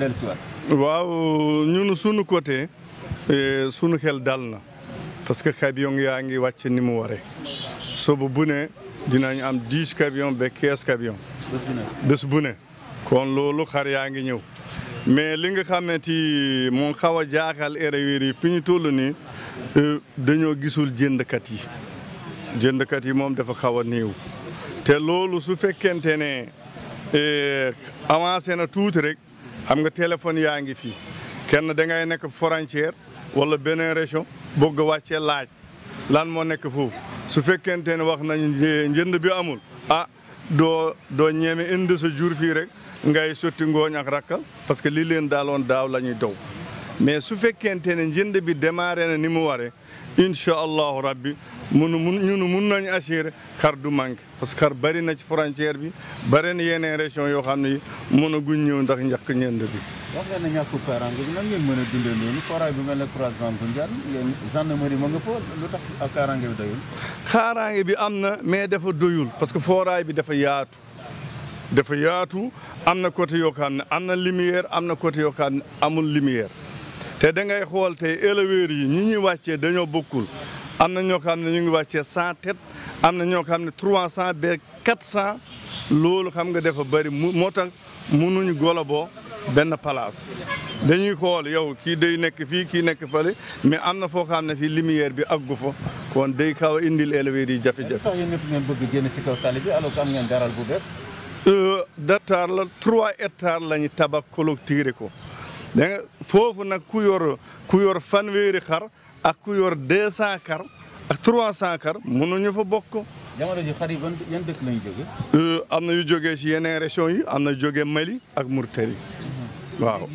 dellusiwaat. waaw ñun sunu côté eh, sunu xel dal na parce que camion yaa ngi wàcc ni mu waree soobu bu ne dinañ am dix camion ba quinze camion. bés bu ne bés bu ne. kon loolu xar yaa ngi ñëw mais li nga xamante ni moom xaw a jaaxal éleveurs yi fi ñu toll nii eh, dañoo gisul jëndkat yi jëndkat yi moom dafa xaw a néew te loolu su fekkente ne eh, avancé na tuuti rek. xam nga téléphone yaa ngi fii kenn da ngay nekk frontière wala beneen région bëgg wàccee laaj lan moo nekk foofu su fekkente ne wax nañ njënd bi amul ah doo doo ñeeme indi sa jur fii rek ngay sotti ngooñ ak rakkal parce que lii leen daaloon daaw la ñuy dow mais su fekkente ne njënd bi démarré na ni mu waree incha rabbi munu mun ñunu mun nañu assurer xar du manqué parce que xar bari na ci frontière bi bari na yeneen région yoo xam ne mënaguñ ñëw ndax njëkk njënd bi. wax nga ne ñàkk kaaraange bi nan ngeen mën a dundee noonu bi mel ne croisement Koungheul yéen gendarmerie ma nga fa lu ak kaaraange bi doyul. kaaraange bi am na mais dafa doyul parce que forage bi dafa yaatu. dafa yaatu am na côté yoo xam ne lumière am côté yoo xam amul lumière. te da ngay xool tey éleveurs yi ñi ñuy wàccee dañoo bokkul am na ñoo xam ne ñu ngi wàccee cent tête am na ñoo kam ne trois cent ba quatre cent loolu xam nga dafa bëri mu moo tax mënuñu goloboo benn place dañuy xool yow kii day nekk fii kii nekk fële mais am na foo xam ne fi lumière bi àggu fo kon day xaw a indil éleveurs yi jafe-jafe. yéen ñëpp ngeen bëgg kaw tali bi alors que am ngeen daral bu bees. Euh, la trois hectares la ñu tabax clôturé ko. dégg foofu nag ku yor ku yor fanweeri xar ak ku yor deux cent xar ak trois cent xar mënuñu fa bokk. jamono ji xar yi ban yan euh, am na yu jógee si régions yi am na jógee Mali ak Mauritanie waaw.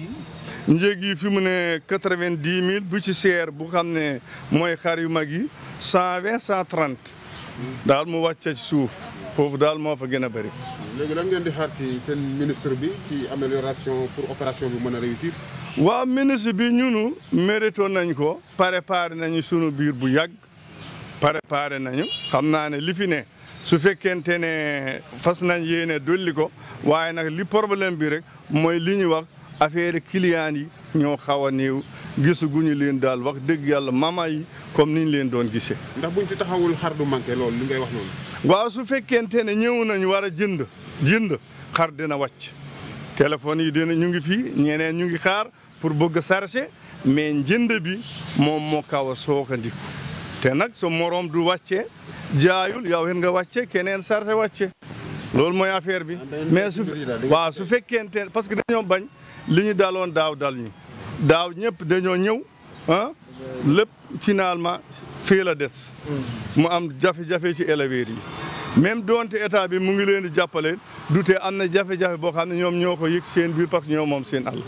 njëg yi fi mu ne quatre vingt dix mille bu ci seer bu xam ne mooy xar yu mag yi cent vingt cent trente hmm. daal mu wàcce ci suuf. foofu daal moo fa gën a bëri. léegi lan ngeen di xaar seen ministre bi ci amélioration pour opération bi mën a réussir. waaw ministre bi ñunu mérito nañ ko. préparé nañu sunu biir bu yàgg préparé nañu xam naa ne li fi ne su fekkente ne fas nañ yéene dulli ko waaye nag li problème bi rek mooy li ñu wax affaire client yi ñoo xaw a néew. gisaguñu leen daal wax dëgg yàlla mama yi comme niñ leen doon gisee. ndax buñ ci taxawul xar du manqué loolu li ngay wax noonu. waaw su fekkente ne ñëw nañu war a jënd jënd xar dina wàcc téléphone yi dina ñu ngi fii ñeneen ñu ngi xaar pour bëgg a chargé mais njënd bi moom moo kaw a sookandiku te nag sa moroom du wàccee jaayul yow it nga wàcce keneen chargé wàcce loolu mooy affaire bi ah, mais su waaw su fekkente parce que dañoo bañ li ñu daloon daaw dal ñu daaw ñëpp dañoo ñëw ah lépp finalement fii la des mu am jafe-jafe ci éleveurs yi même doonte état bi mu ngi leen di jàppale du tee am na jafe-jafe boo xam na ñoom ñoo ko yëg seen biir parce que ñoom moom seen àll